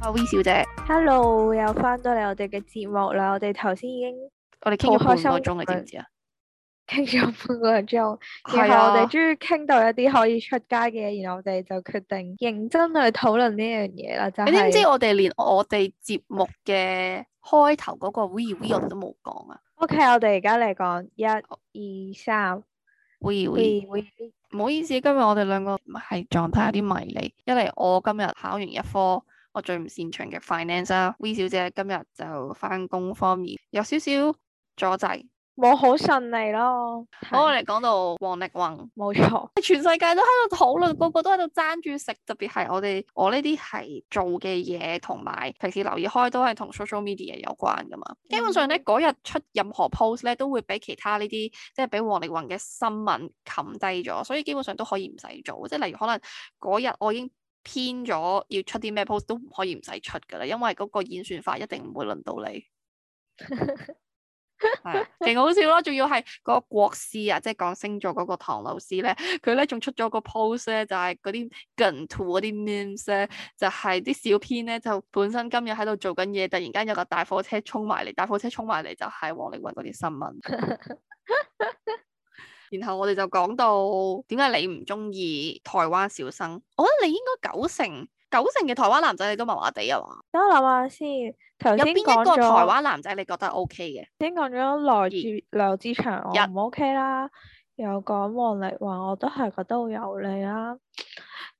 阿 V 小姐，Hello，又翻到嚟我哋嘅節目啦！我哋頭先已經我哋傾咗半個鐘，你知唔知啊？傾咗半個鐘，然後我哋終於傾到一啲可以出街嘅，然後我哋就決定認真去討論呢樣嘢啦。你知唔知我哋連我哋節目嘅開頭嗰個 We We 我都冇講啊？OK，我哋而家嚟講一、二、三，We We We，唔好意思，今日我哋兩個係狀態有啲迷離，因為我今日考完一科。最唔擅長嘅 finance 啦，V 小姐今日就翻工方面有少少阻滯，冇好順利咯。好，我哋講到王力宏，冇錯，全世界都喺度討論，個個都喺度爭住食，特別係我哋我呢啲係做嘅嘢，同埋平時留意開都係同 social media 有關噶嘛。嗯，基本上咧嗰日出任何 post 咧，都會比其他呢啲即係比王力宏嘅新聞冚低咗，所以基本上都可以唔使做。即係例如可能嗰日我已經偏咗要出啲咩 post 都唔可以唔使出噶啦，因為嗰個演算法一定唔會輪到你，係勁、 哎、好笑咯，仲要係嗰個國師啊，即係講星座嗰個唐老師咧，佢咧仲出咗個 post 咧，就係嗰啲跟 to 嗰啲 memes 咧，就係、是、啲小編咧就本身今日喺度做緊嘢，突然間有架大貨車衝埋嚟，大貨車衝埋嚟就係王力宏嗰啲新聞。 然後我哋就講到點解你唔中意台灣小生？我覺得你應該九成九成嘅台灣男仔你都麻麻地啊嘛。等我諗下先，頭先講咗。有邊個台灣男仔你覺得 O K 嘅？先講咗梁志梁志祥、okay，一又唔 O K 啦。又講王力宏，我都係覺得好油膩啦、啊。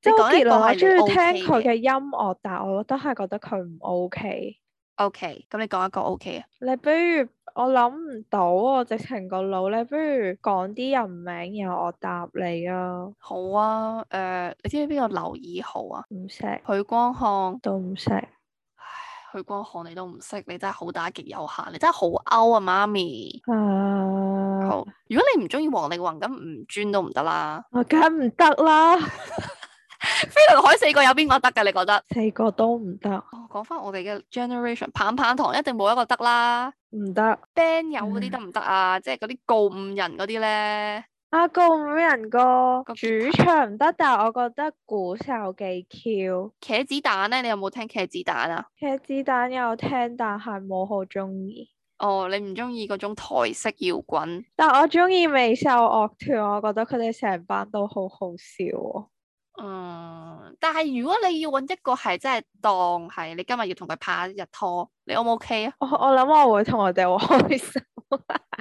即係我原來我中意聽佢嘅音樂，okay、的但我都係覺得佢唔 O K。O K，咁你講一個 O、okay、K 啊？你不如我諗唔到啊，直情個腦咧，不如講啲人名，然後我答你啊。好啊，誒、呃，你知唔知邊個劉以豪啊？唔識懂。許光漢都唔識。許光漢你都唔識，你真係好打極有限，你真係好 out 啊，媽咪。啊、uh。好，如果你唔中意王力宏，咁唔專都唔得啦。我梗唔得啦。 飛輪 海四個有邊個得嘅？你覺得？四個都唔得。哦，講翻我哋嘅 generation 棒棒堂，一定冇一個得啦。唔得行。band 友嗰啲得唔得啊？嗯、即係嗰啲告五人嗰啲咧。啊，告五人歌，主唱唔得，但係我覺得鼓手幾 Q。茄子蛋咧，你有冇聽茄子蛋啊？茄子蛋有聽，但係冇好中意。哦，你唔中意嗰種台式搖滾？但係我中意美秀樂團，我覺得佢哋成班都好好笑、哦。嗯，但係如果你要搵一個係，真係當係你今日要同佢拍一日拖，你 O 唔 OK 啊？我我諗我會同佢哋好開心。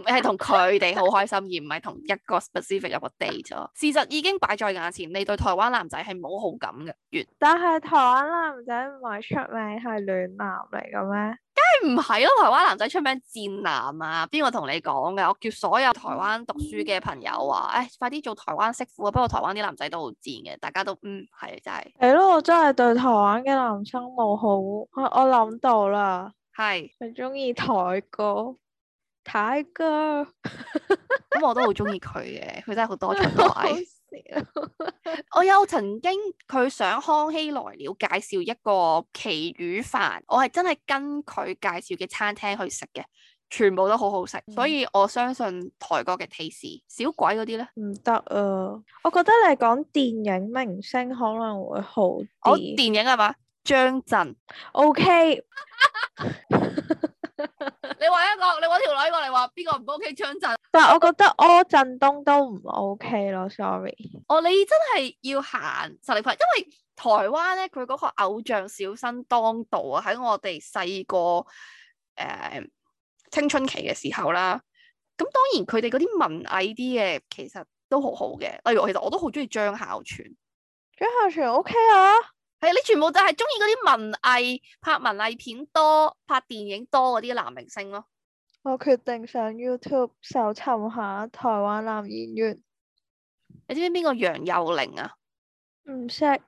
係同佢哋好開心，而唔係同一個 specific 有個 date 咯。 事實已經擺在眼前，你對台灣男仔係冇好感嘅。但係台灣男仔唔係出名係暖男嚟嘅咩？梗係唔係咯，台灣男仔出名賤男啊！邊個同你講嘅？我叫所有台灣讀書嘅朋友話：，誒、嗯，快啲做台灣媳婦啊！不過台灣啲男仔都好賤嘅，大家都嗯係就係、是。係咯、哎，我真係對台灣嘅男生冇好。我我諗到啦，係佢中意台歌。泰哥，咁、 嗯、我都好中意佢嘅，佢 真係好多才。 我有曾經佢上康熙來了介紹一個奇魚飯，我係真係跟佢介紹嘅餐廳去食嘅，全部都好好食，嗯、所以我相信泰國嘅 taste。小鬼嗰啲咧，唔得啊！我覺得你講電影明星可能會好啲。我電影係嘛，張震。OK。 你搵一個，你搵條女過嚟話邊個唔 OK 張震？但係我覺得柯震東都唔 OK 咯，sorry。哦，你真係要行實力派，因為台灣咧佢嗰個偶像小生當道啊，喺我哋細個誒青春期嘅時候啦。咁當然佢哋嗰啲文藝啲嘅其實都好好嘅，例如其實我都好中意張孝全，張孝全 OK 啊。係、哎、你全部就係中意嗰啲文藝拍文藝片多拍電影多嗰啲男明星咯。我決定上 YouTube 搜尋下臺灣男演員。你知唔知邊個楊祐寧啊？唔識懂。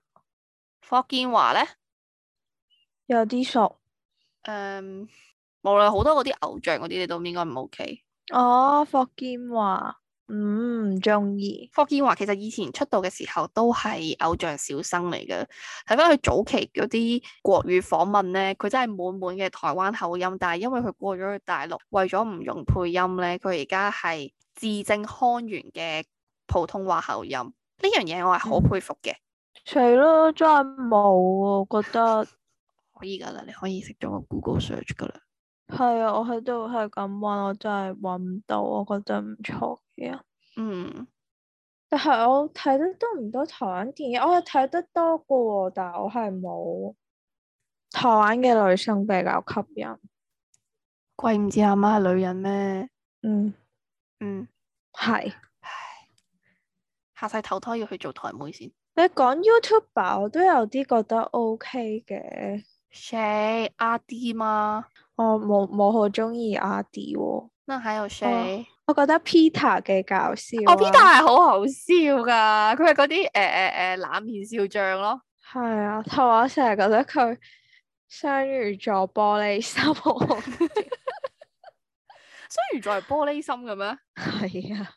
霍建華咧？有啲熟。誒，um, 無論好多嗰啲偶像嗰啲，你都應該唔 OK。哦，霍建華。唔唔中意霍建華。其實以前出道嘅時候都係偶像小生嚟嘅。睇翻佢早期嗰啲國語訪問咧，佢真係滿滿嘅台灣口音。但係因為佢過咗去大陸，為咗唔用配音咧，佢而家係字正腔圓嘅普通話口音。呢樣嘢我係好佩服嘅。除咯、嗯，真係冇啊，覺得可以噶啦，你可以食咗個 Google search 噶啦。係啊，我喺度係咁揾，我真係揾唔到，我覺得唔錯嘅。嗯，但係我睇得多唔多台灣電影？我係睇得多嘅，但係我係冇。台灣嘅女生比較吸引。鬼唔知阿媽係女人咩？嗯嗯，係、嗯。是唉，下世投胎要去做台妹先。你講 YouTuber，我都有啲覺得 OK 嘅。誰阿迪嗎？A，我冇冇好中意阿迪喎。Eh、那還有誰？Oh，我覺得 Peter 幾搞笑。哦、oh，Peter 係好好笑噶，佢係嗰啲誒誒誒冷面笑匠咯。係 啊，同我成日覺得佢雙魚座玻璃心，雙魚座係玻璃心嘅咩？係啊，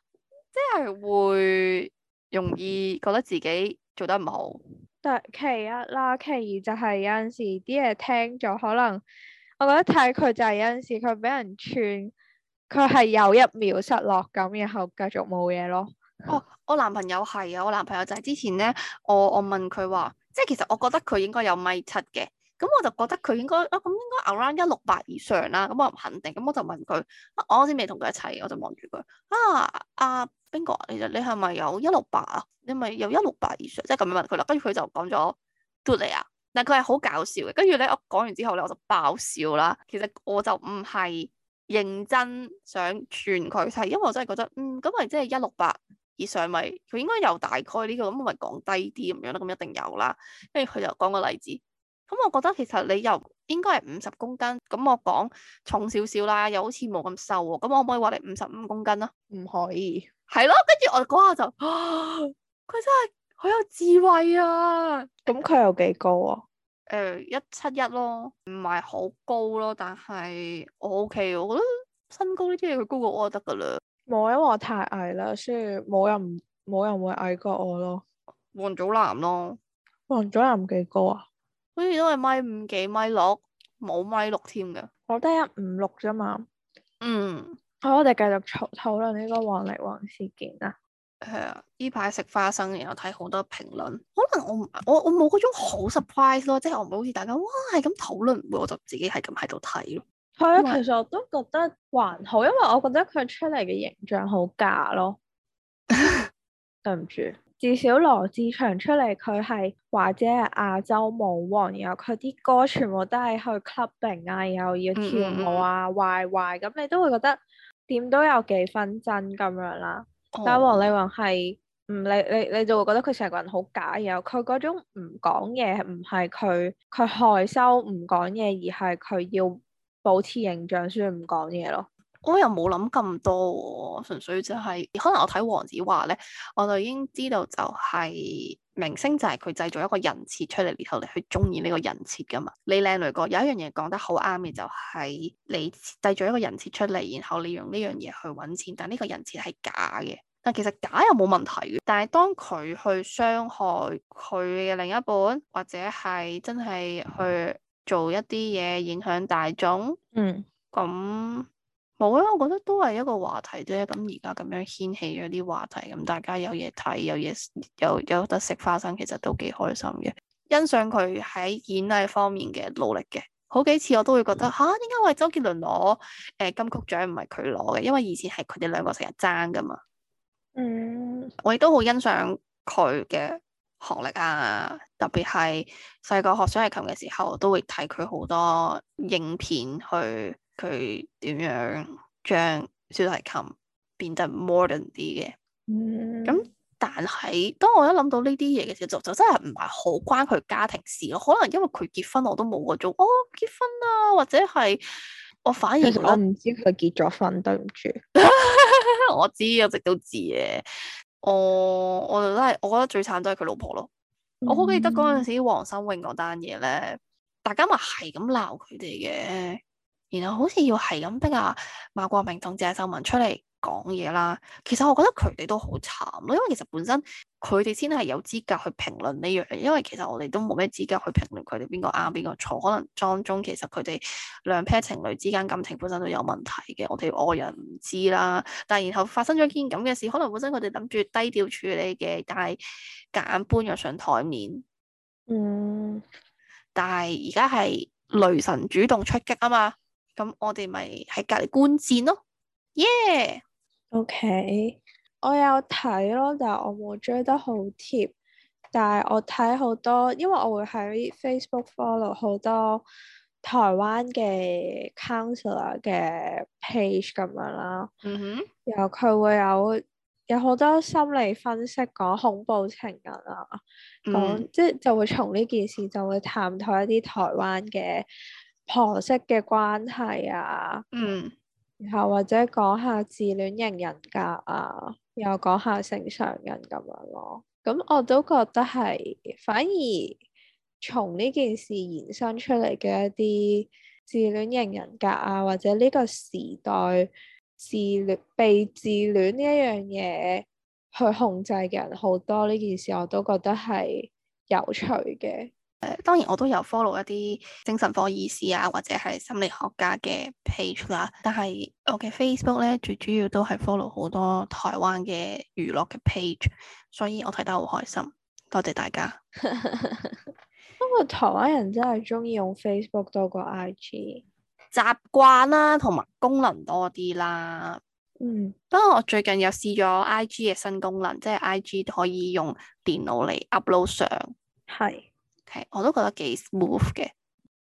即係會容易覺得自己做得唔好。第其一啦，其二就係有陣時啲嘢聽咗，可能我覺得睇佢就係有陣時佢俾人串，佢係有一秒失落咁，然後繼續冇嘢咯。哦，我男朋友係啊，我男朋友就係之前咧，我我問佢話，即係其實我覺得佢應該有米七嘅。咁、嗯、我就覺得佢應該啊，咁、嗯、應該 around 一六八以上啦。咁、嗯、我唔肯定，咁、嗯、我就問佢，我先未同佢一齊，我就望住佢啊，阿冰哥，你你係咪有一六八啊？你咪有一六八以上，即係咁樣問佢啦。跟住佢就講咗嘟嚟啊，但佢係好搞笑嘅。跟住咧，我講完之後咧，我就爆笑啦。其實我就唔係認真想串佢係，因為我真係覺得，嗯，咁咪即係一六八以上咪，佢應該有大概呢個，咁咪講低啲咁樣啦。咁一定有啦。跟住佢就講個例子。咁我覺得其實你又應該係五十公斤，咁我講重少少啦，又好似冇咁瘦喎，咁我可唔可以話你五十五公斤咧？唔可以。係咯，跟住我嗰下就，佢、啊、真係好有智慧啊！咁佢、嗯、有幾高啊？誒、呃，一七一咯，唔係好高咯，但係我 OK，我覺得身高呢啲嘢佢高過我就得噶啦。冇因為我太矮啦，所以冇人冇人會矮過我咯。王祖藍咯。王祖藍幾高啊？好似都係米五幾米六，冇米六添㗎、嗯啊，我得一五六啫嘛。嗯，好，我哋繼續討討論呢個王力宏事件啊。係啊，呢排食花生，然後睇好多評論，可能我我我冇嗰種好 surprise 咯，即係我唔好似大家哇係咁討論，唔會我就自己係咁喺度睇咯。係啊、嗯，因為 其實我都覺得還好，因為我覺得佢出嚟嘅形象好假咯。對唔住。 至少羅志祥出嚟，佢係或者係亞洲舞王，然後佢啲歌全部都係去 clubbing 啊，然後要跳舞啊，壞壞咁，hmm. 壞壞你都會覺得點都有幾分真咁樣啦。Oh. 但係王力宏係，唔理你你，你就會覺得佢成個人好假，然後佢嗰種唔講嘢，唔係佢佢害羞唔講嘢，而係佢要保持形象，所以唔講嘢咯。我又冇諗咁多、啊，純粹就係、是、可能我睇黃子華咧，我就已經知道就係、是、明星就係佢製造一個人設出嚟，然後你去中意呢個人設噶嘛。李靚蕾嗰有一樣嘢講得好啱嘅，就係你製造一個人設出嚟，然後你用呢樣嘢去搵錢，但呢個人設係假嘅。但其實假又冇問題嘅，但係當佢去傷害佢嘅另一半，或者係真係去做一啲嘢影響大眾，嗯咁。冇啊，我覺得都係一個話題啫。咁而家咁樣掀起咗啲話題，咁大家有嘢睇，有嘢有有得食花生，其實都幾開心嘅。欣賞佢喺演藝方面嘅努力嘅，好幾次我都會覺得吓，點解我係周杰倫攞誒金曲獎唔係佢攞嘅？因為以前係佢哋兩個成日爭噶嘛。嗯，我亦都好欣賞佢嘅學歷啊，特別係細個學小提琴嘅時候，都會睇佢好多影片去。佢點樣將小提琴變得 modern 啲嘅？咁、嗯、但係當我一諗到呢啲嘢嘅時候，就就真係唔係好關佢家庭事咯。可能因為佢結婚我，我都冇嗰種哦結婚啊，或者係我反而覺得我唔知佢結咗婚，對唔住， 我知一直都知嘅。我我就都、是、係，我覺得最慘都係佢老婆咯。嗯、我好記得嗰陣時黃心穎嗰單嘢咧，大家咪係咁鬧佢哋嘅。然後好似要係咁逼啊，馬國明同鄭秀文出嚟講嘢啦。其實我覺得佢哋都好慘咯，因為其實本身佢哋先係有資格去評論呢樣嘢，因為其實我哋都冇咩資格去評論佢哋邊個啱邊個錯。可能當中其實佢哋兩 pair 情侶之間感情本身都有問題嘅，我哋外人唔知啦。但係然後發生咗件咁嘅事，可能本身佢哋諗住低調處理嘅，但係夾硬搬咗上台面。嗯。但係而家係雷神主動出擊啊嘛～咁我哋咪喺隔籬觀戰咯，耶、yeah！OK，我有睇咯，但係我冇追得好貼。但係我睇好多，因為我會喺 Facebook follow 好多台灣嘅 counselor 嘅 page 咁樣啦。哼、mm。Hmm. 然後佢會有有好多心理分析講恐怖情人啊，講、mm hmm. 即係就會從呢件事就會探討一啲台灣嘅。婆媳嘅關係啊，嗯，然後或者講下自戀型人格啊，又講下正常人咁樣咯。咁我都覺得係，反而從呢件事延伸出嚟嘅一啲自戀型人格啊，或者呢個時代自戀被自戀呢一樣嘢去控制嘅人好多，呢件事我都覺得係有趣嘅。當然我都有 follow 一啲精神科醫師啊，或者係心理學家嘅 page 啦。但係我嘅 Facebook 咧，最主要都係 follow 好多台灣嘅娛樂嘅 page，所以我睇得好開心。多謝大家。不過 台灣人真係中意用 Facebook 多過 IG，習慣啦，同埋功能多啲啦。嗯，不過我最近又試咗 IG 嘅新功能，即係 IG 可以用電腦嚟 upload 上。係。Okay, 我都覺得幾 smooth 嘅。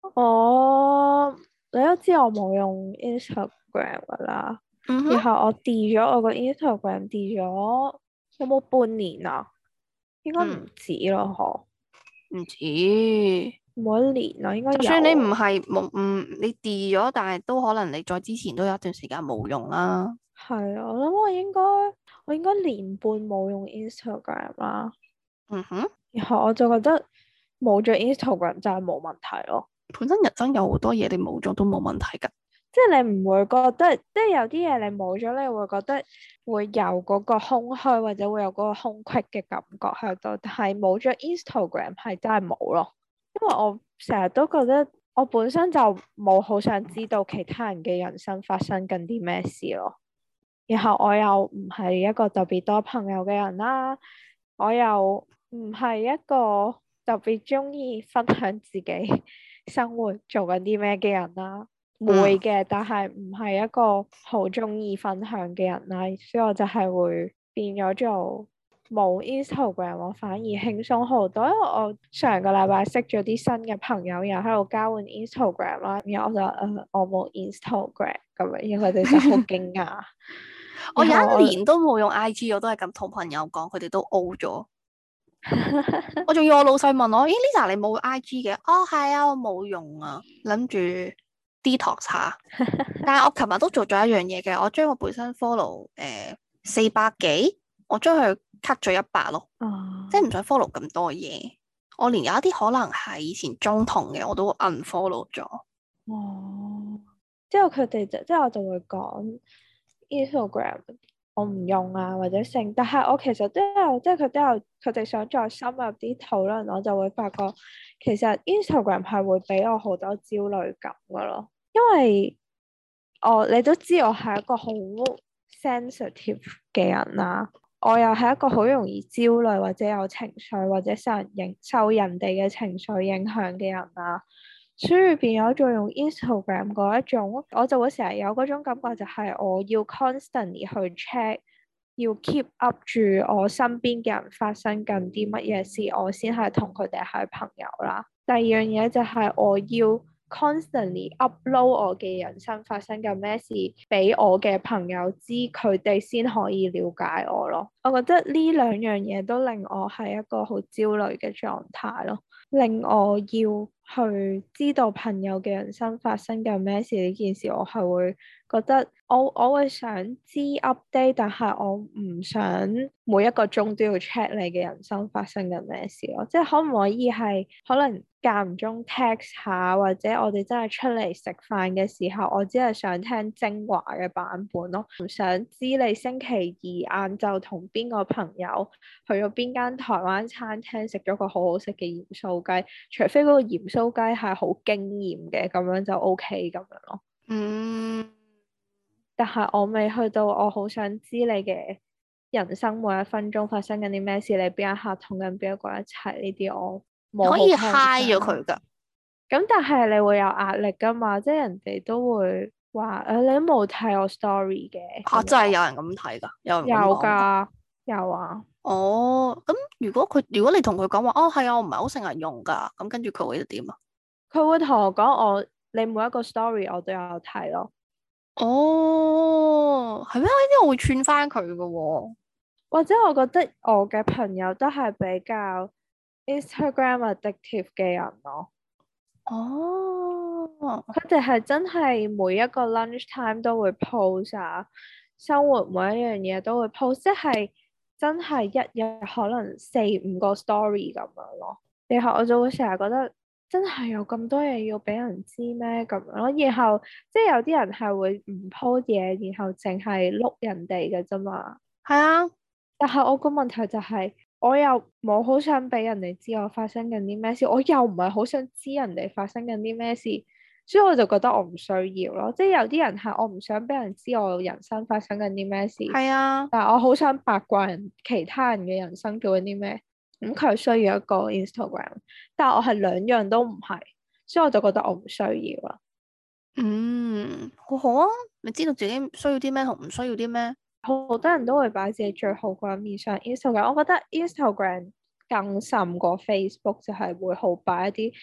Oh, 你我你都知我冇用 Instagram 噶啦，mm hmm. 然後我 delete 咗我個 Instagram，delete 咗有冇半年啊？應該唔止咯，嗬、mm？唔、hmm. 呵止冇一年啦，應該算你唔係冇，嗯，你 delete 咗，但係都可能你再之前都有一段時間冇用啦。係啊，嗯、我諗我應該我應該年半冇用 Instagram 啦。嗯哼、mm，hmm. 然後我就覺得。冇咗 Instagram 就係冇問題咯，本身人生有好多嘢你冇咗都冇問題噶，即係你唔會覺得，即係有啲嘢你冇咗你會覺得會有嗰個空虛或者會有嗰個空隙嘅感覺喺度，但係冇咗 Instagram 係真係冇咯，因為我成日都覺得我本身就冇好想知道其他人嘅人生發生緊啲咩事咯，然後我又唔係一個特別多朋友嘅人啦，我又唔係一個。特別中意分享自己生活做緊啲咩嘅人啦，啊，會嘅，但係唔係一個好中意分享嘅人啦，啊，所以我就係會變咗做冇 Instagram 我反而輕鬆好多，因為我上個禮拜識咗啲新嘅朋友又喺度交換 Instagram 啦，啊，然後我就誒、呃、我冇 Instagram 咁樣， 因為佢哋就好驚訝。我有一年都冇用 IG，我都係咁同朋友講，佢哋都 O 咗。 我仲要我老細問我，咦 Lisa 你冇 I G 嘅？哦係啊，我冇用啊，諗住 detox 下。 但係我琴日都做咗一樣嘢嘅，我將我本身 follow 誒、呃、四百幾，我將佢 cut 咗一百咯。哦。Oh. 即係唔想 follow 咁多嘢。我連有一啲可能係以前中同嘅，我都 unfollow 咗。哦。之後佢哋就，之後我就會講，Instagram 我唔用啊，或者性。但係我其實都有，即係佢都有，佢哋想再深入啲討論，我就會發覺，其實 Instagram 係會俾我好多焦慮感噶咯，因為我你都知我係一個好 sensitive 嘅人啦、啊，我又係一個好容易焦慮或者有情緒或者受影受人哋嘅情緒影響嘅人啦、啊。所以入邊我仲用 Instagram 嗰一種，我就會成日有嗰種感覺，就係我要 constantly 去 check，要 keep up 住我身邊嘅人發生緊啲乜嘢事，我先係同佢哋係朋友啦。第二樣嘢就係我要 constantly upload 我嘅人生發生緊咩事俾我嘅朋友知，佢哋先可以了解我咯。我覺得呢兩樣嘢都令我係一個好焦慮嘅狀態咯，令我要。去知道朋友嘅人生發生緊咩事呢件事，我係會覺得我我會想知 update，但係我唔想每一個鐘都要 check 你嘅人生發生緊咩事咯，即係可唔可以係可能間唔中 text 下，或者我哋真係出嚟食飯嘅時候，我只係想聽精華嘅版本咯，唔想知你星期二晏晝同邊個朋友去咗邊間台灣餐廳食咗個好好食嘅鹽酥雞，除非嗰個鹽酥。都雞係好經驗嘅，咁樣就 OK 咁樣咯。嗯，但係我未去到，我好想知你嘅人生每一分鐘發生緊啲咩事，你邊一刻同緊邊一個一齊呢啲，我可以嗨咗佢㗎。咁但係你會有壓力㗎嘛？即係人哋都會話誒，你都冇睇我 story 嘅。啊，真係有人咁睇㗎？有人有㗎。有啊，哦，咁如果佢如果你同佢講話，哦係啊，我唔係好成日用噶，咁跟住佢會點啊？佢會同我講，我你每一個 story 我都有睇咯。哦，係咩？呢啲我會串翻佢噶，或者我覺得我嘅朋友都係比較 Instagram addictive 嘅人咯。哦，佢哋係真係每一個 lunch time 都會 post 啊，生活每一樣嘢都會 post，即係。真係一日可能四五個 story 咁樣咯，然後我就會成日覺得真係有咁多嘢要俾人知咩咁樣咯，然後即係有啲人係會唔 po 嘢，然後淨係碌人哋嘅啫嘛。係啊，但係我個問題就係，我又冇好想俾人哋知我發生緊啲咩事，我又唔係好想知人哋發生緊啲咩事。所以我就覺得我唔需要咯，即係有啲人係我唔想俾人知我人生發生緊啲咩事，係啊，但係我好想八卦人其他人嘅人生做緊啲咩，咁、嗯、佢需要一個 Instagram，但係我係兩樣都唔係，所以我就覺得我唔需要啦。嗯，好好啊，你知道自己需要啲咩同唔需要啲咩，好多人都會擺自己最好嘅面上 Instagram，我覺得 Instagram 更甚過 Facebook 就係會好擺一啲。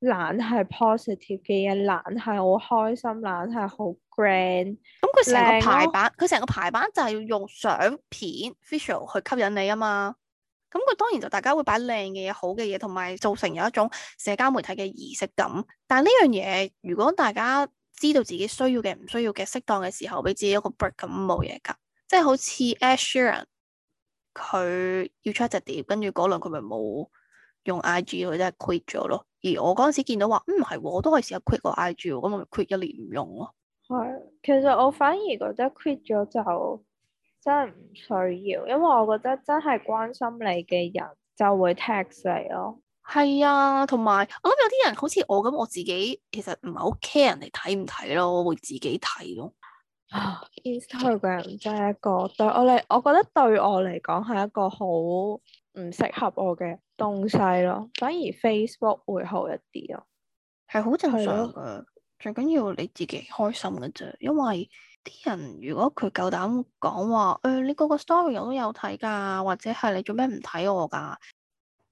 懶係 positive 嘅嘢，懶係好開心，懶係好 grand。咁佢成個排版，佢成、哦、個排版就係要用相片 visual 去吸引你啊嘛。咁佢當然就大家會擺靚嘅嘢、好嘅嘢，同埋造成有一種社交媒體嘅儀式感。但呢樣嘢，如果大家知道自己需要嘅、唔需要嘅，適當嘅時候俾自己一個 break，咁冇嘢噶。即係好似 Asher，佢要出一隻碟，跟住嗰輪佢咪冇。用 I G 佢真係 quit 咗咯，而我嗰陣時見到話，嗯係，我都係試下 quit 個 I G，咁咪 quit 一年唔用咯。係，其實我反而覺得 quit 咗就真係唔需要，因為我覺得真係關心你嘅人就會 text 你咯。係啊，同埋我諗有啲人好似我咁，我自己其實唔係好 care 人哋睇唔睇咯，我會自己睇咯。啊 ，Instagram 真係一個對我嚟，我覺得對我嚟講係一個好。唔適合我嘅東西咯，反而 Facebook 會好一啲咯，係好正常嘅，的最緊要你自己開心嘅啫，因為啲人如果佢夠膽講話，誒你個個 story 我都有睇噶，或者係你做咩唔睇我噶？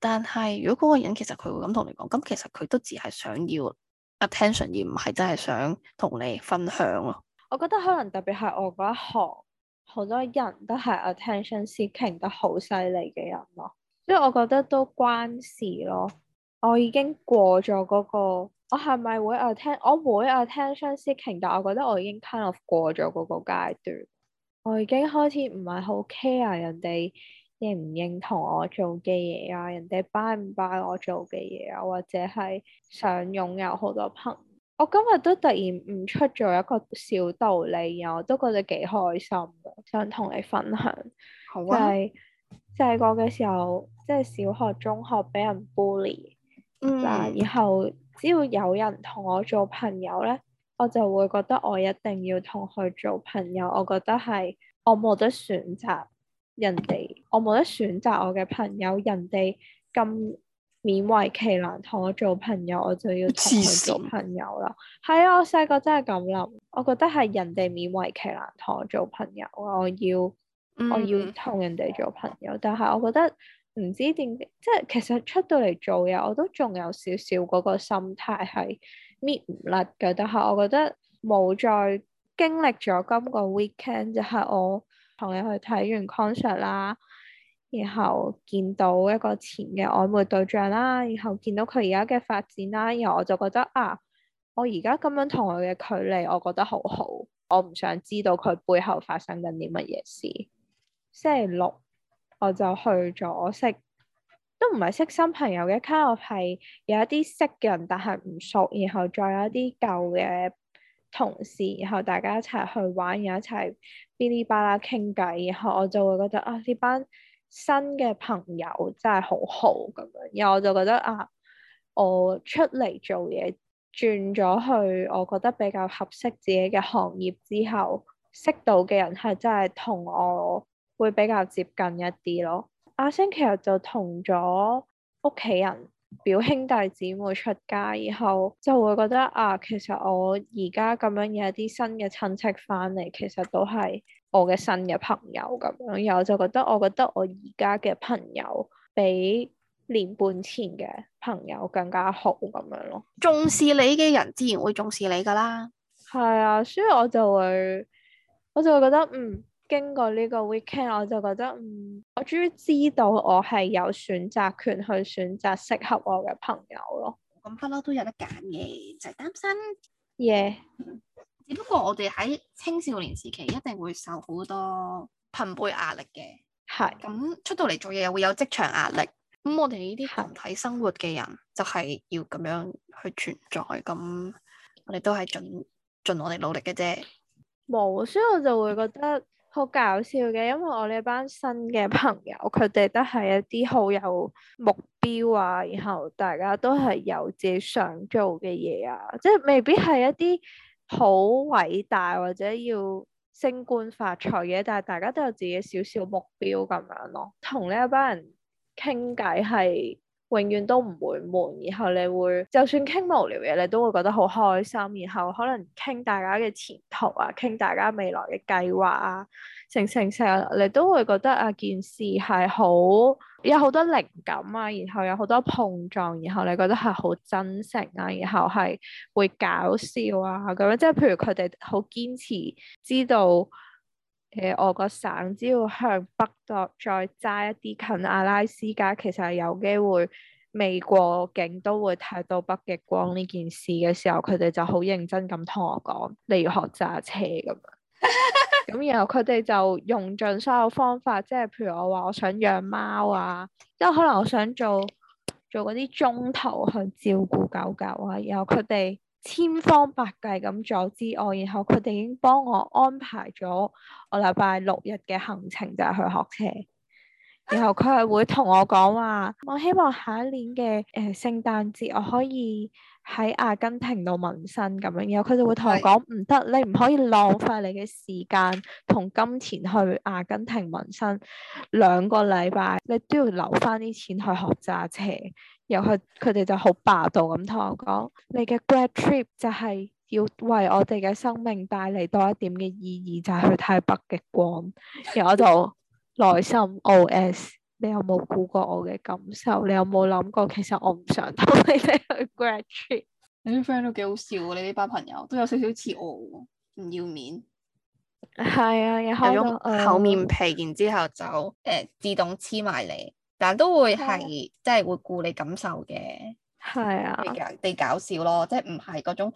但係如果嗰個人其實佢會咁同你講，咁其實佢都只係想要 attention 而唔係真係想同你分享咯。我覺得可能特別係我嗰一行。好多人都係 attention seeking 得好犀利嘅人咯，即係我覺得都關事咯。我已經過咗嗰個，我係咪會 attention 我會 attention seeking？但我覺得我已經 kind of 過咗嗰個階段，我已經開始唔係好 care 人哋認唔認同我做嘅嘢啊，人哋 buy 唔 buy 我做嘅嘢啊，或者係想擁有好多朋。我今日都突然悟出咗一個小道理，然後我都覺得幾開心，想同你分享。好啊吧。就係細個嘅時候，即係小學、中學俾人 bully，嗱、嗯，然後只要有人同我做朋友咧，我就會覺得我一定要同佢做朋友。我覺得係我冇得選擇人哋，我冇得選擇我嘅朋友，人哋咁。勉為其難同我做朋友，我就要同佢做朋友啦。係啊，我細個真係咁諗，我覺得係人哋勉為其難同我做朋友我要、嗯、我要同人哋做朋友。但係我覺得唔知點，即係其實出到嚟做嘢，我都仲有少少嗰個心態係搣唔甩嘅。但係我覺得冇再經歷咗今個 weekend，就係、是、我同你去睇完 concert 啦。然後見到一個前嘅曖昧對象啦，然後見到佢而家嘅發展啦，然後我就覺得啊，我而家咁樣同佢嘅距離，我覺得好好，我唔想知道佢背後發生緊啲乜嘢事。星期六我就去咗識都唔係識新朋友嘅，卡，我係有一啲識嘅人，但係唔熟，然後再有一啲舊嘅同事，然後大家一齊去玩，然後一齊噼哩叭啦傾偈，然後我就會覺得啊呢班新嘅朋友真係好好咁樣，然後我就覺得啊，我出嚟做嘢轉咗去，我覺得比較合適自己嘅行業之後，識到嘅人係真係同我會比較接近一啲咯。阿、啊、星其實就同咗屋企人、表兄弟姊妹出街，以後就會覺得啊，其實我而家咁樣有啲新嘅親戚返嚟，其實都係。我嘅新嘅朋友咁樣，然後我就覺得我覺得我而家嘅朋友比年半前嘅朋友更加好咁樣咯。重視你嘅人自然會重視你噶啦。係啊，所以我就會，我就會覺得，嗯，經過呢個 weekend，我就覺得，嗯，我終於知道我係有選擇權去選擇適合我嘅朋友咯。咁不嬲都有得揀嘅，就係擔心。Yeah. 只不過我哋喺青少年時期一定會受好多朋輩壓力嘅，係咁的出到嚟，做嘢又會有職場壓力。咁我哋呢啲群體生活嘅人就係要咁樣去存在。咁的我哋都係盡盡我哋努力嘅啫。冇，所以我就會覺得好搞笑嘅，因為我哋班新嘅朋友，佢哋都係一啲好有目標啊，然後大家都係有自己想做嘅嘢啊，即係未必係一啲，好偉大或者要升官發財嘅，但係大家都有自己少少目標咁樣咯，同呢一班人傾偈係。永遠都唔會悶，然後你會就算傾無聊嘢，你都會覺得好開心。然後可能傾大家嘅前途啊，傾大家未來嘅計劃啊，成成成，你都會覺得啊件事係好有好多靈感啊，然後有好多碰撞，然後你覺得係好真誠啊，然後係會搞笑啊咁樣。即係譬如佢哋好堅持，知道。誒，我個省只要向北度再揸一啲近阿拉斯加，其實係有機會未過境都會睇到北極光呢件事嘅時候，佢哋就好認真咁同我講，你要學揸車咁樣，咁 然後佢哋就用盡所有方法，即係譬如我話我想養貓啊，即係可能我想做做嗰啲中途去照顧狗狗啊，然後佢哋，千方百計咁阻止我，然後佢哋已經幫我安排咗我禮拜六日嘅行程，就係去學車。然後佢係會同我講話，我希望下一年嘅誒聖誕節我可以。喺阿根廷度紋身咁樣，然後佢就會同我講唔得，你唔可以浪費你嘅時間同金錢去阿根廷紋身兩個禮拜，你都要留返啲錢去學揸車。然後佢哋就好霸道咁同我講，你嘅 great trip 就係要為我哋嘅生命帶嚟多一點嘅意義，就係、是、去睇北極光。然後我就內心 OS。你有冇顧過我嘅感受？你有冇諗過其實我唔想同你哋去 graduate？你啲 friend 都幾好笑，你呢班朋友都有少少似我，唔要面。係啊，有嗰種厚面皮，然之後就誒、嗯呃、自動黐埋你，但都會係、啊、即係會顧你感受嘅。係啊，你搞笑咯，即係唔係嗰種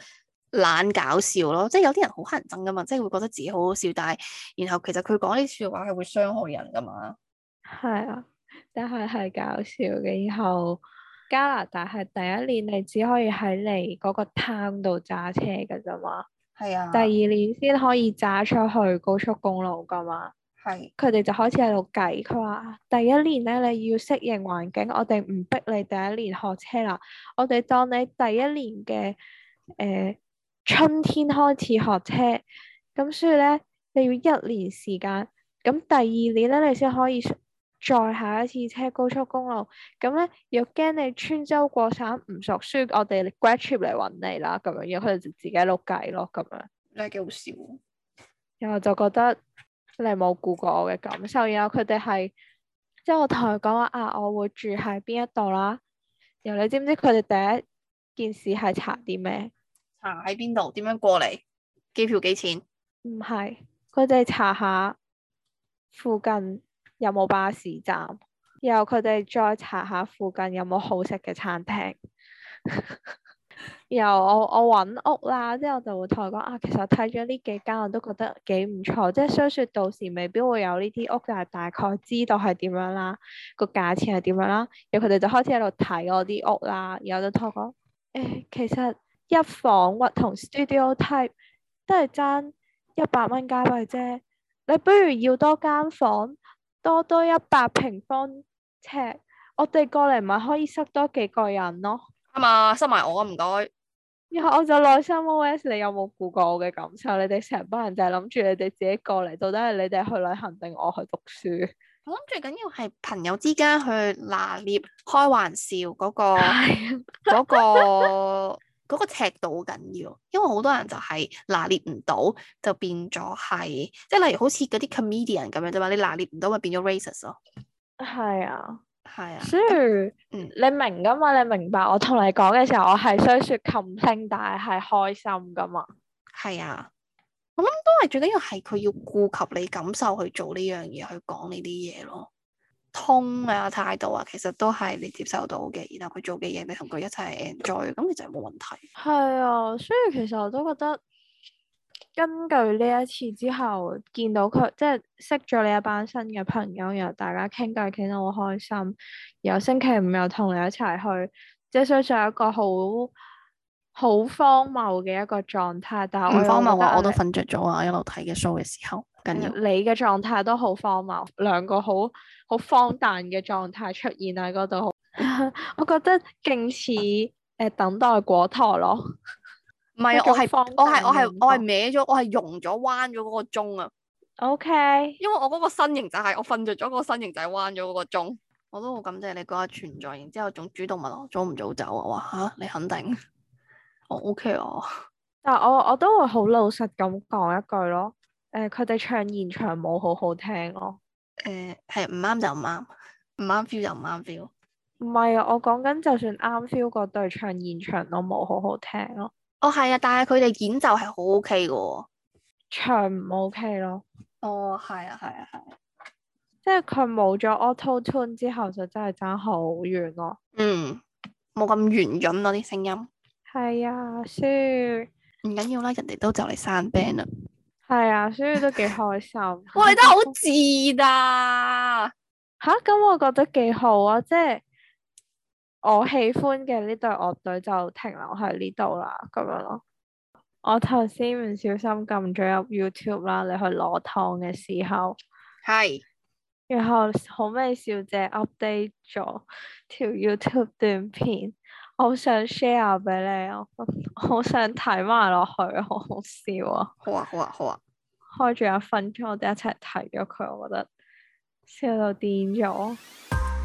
懶搞笑咯，即係有啲人好乞人憎噶嘛，即係會覺得自己好好笑，但係然後其實佢講呢啲說話係會傷害人噶嘛。係啊。真係係搞笑嘅，以後加拿大係第一年你只可以喺你嗰個攤度揸車㗎咋嘛，係啊的，第二年先可以揸出去高速公路㗎嘛，係的。佢哋就開始喺度計，佢話第一年咧你要適應環境，我哋唔逼你第一年學車啦，我哋當你第一年嘅誒、呃、春天開始學車，咁所以咧你要一年時間，咁第二年咧你先可以。再下一次車高速公路，咁咧又驚你穿州過省唔熟，所以我哋 graduate trip 嚟揾你啦，咁樣，然後佢哋就自己攞計咯，咁樣。咧幾好笑。然後就覺得你冇顧過我嘅感受，然後佢哋係，即係我同佢講話啊，我會住喺邊一度啦。然後你知唔知佢哋第一件事係查啲咩？查喺邊度？點樣過嚟？機票幾錢？唔係，佢哋查下附近，有冇巴士站？然後佢哋再查下附近有冇好食嘅餐廳。 然後我我揾屋啦，之後就會同佢講啊，其實睇咗呢幾間我都覺得幾唔錯，即係雖說到時未必會有呢啲屋，但係大概知道係點樣啦，個價錢係點樣啦。然後佢哋就開始喺度睇我啲屋啦，然後就同我講誒，其實一房或同 studio type 都係爭一百蚊加幣啫，你不如要多間房。多多一百平方尺，我哋過嚟咪可以塞多幾個人咯。係咪？塞埋我，唔該。然後我就內心 OS：你有冇顧過我嘅感受？你哋成班人就係諗住你哋自己過嚟，到底係你哋去旅行定我去讀書？我諗最緊要係朋友之間去拿捏開玩笑嗰個、嗰個。 嗰個尺度好緊要，因為好多人就係拿捏唔到，就變咗係即係例如好似嗰啲 comedian 咁樣啫嘛，你拿捏唔到咪變咗 racist 咯。係啊，係啊，所以、嗯、你明㗎嘛？你明白我同你講嘅時候，我係想説琴聲，但係係開心㗎嘛。係啊，我諗都係最緊要係佢要顧及你感受去做呢樣嘢，去講呢啲嘢咯。通啊態度啊，其實都係你接受到嘅，然後佢做嘅嘢，你同佢一齊 enjoy，咁其實冇問題。係啊，所以其實我都覺得，根據呢一次之後見到佢，即係識咗你一班新嘅朋友，然後大家傾偈傾得好開心，然後星期五又同你一齊去，即係在一個好好荒謬嘅一個狀態，但係我有有荒謬覺得我都瞓着咗啊，一路睇嘅 show 嘅時候。你嘅狀態都好荒謬，兩個好好荒誕嘅狀態出現喺嗰度， 我覺得勁似誒等待果陀咯。唔係是，我係我係我係我係歪咗，我係融咗彎咗嗰個鐘啊。O Okay . K，因為我嗰個身形就係、是、我瞓着咗嗰個身形就係彎咗嗰個鐘。我都好感謝你嗰個存在，然之後仲主動問我早唔早走啊？話吓你肯定、oh, okay. 我 O K 啊，但係我我都會好老實咁講一句咯。誒，佢哋、呃、唱現場冇好好聽咯。誒、呃，係唔啱就唔啱，唔啱 feel 就唔啱 feel。唔係啊，我講緊就算啱 feel，嗰隊唱現場都冇好好聽咯。哦，係啊，但係佢哋演奏係好 ok 嘅。唱唔 ok 咯。哦，係啊，係啊，係、啊。即係佢冇咗 auto tune 之後，就真係差好遠咯。嗯，冇咁圓潤嗰啲聲音。係啊，舒。唔緊要啦，人哋都就嚟散 band 啦。嗯係啊，所以都幾開心。哇，嗯、你真係好自大、啊。吓、啊，咁我覺得幾好啊，即、就、係、是、我喜歡嘅呢對樂隊就停留喺呢度啦，咁樣咯。我頭先唔小心撳咗入 YouTube 啦，你去攞湯嘅時候係，是然後好味小姐 update 咗條 YouTube 短片。我好想 share 俾你，我好想睇埋落去，好好笑啊！好啊，好啊，好啊，開住一分，跟住我哋一齊睇咗佢，我覺得笑到癲咗。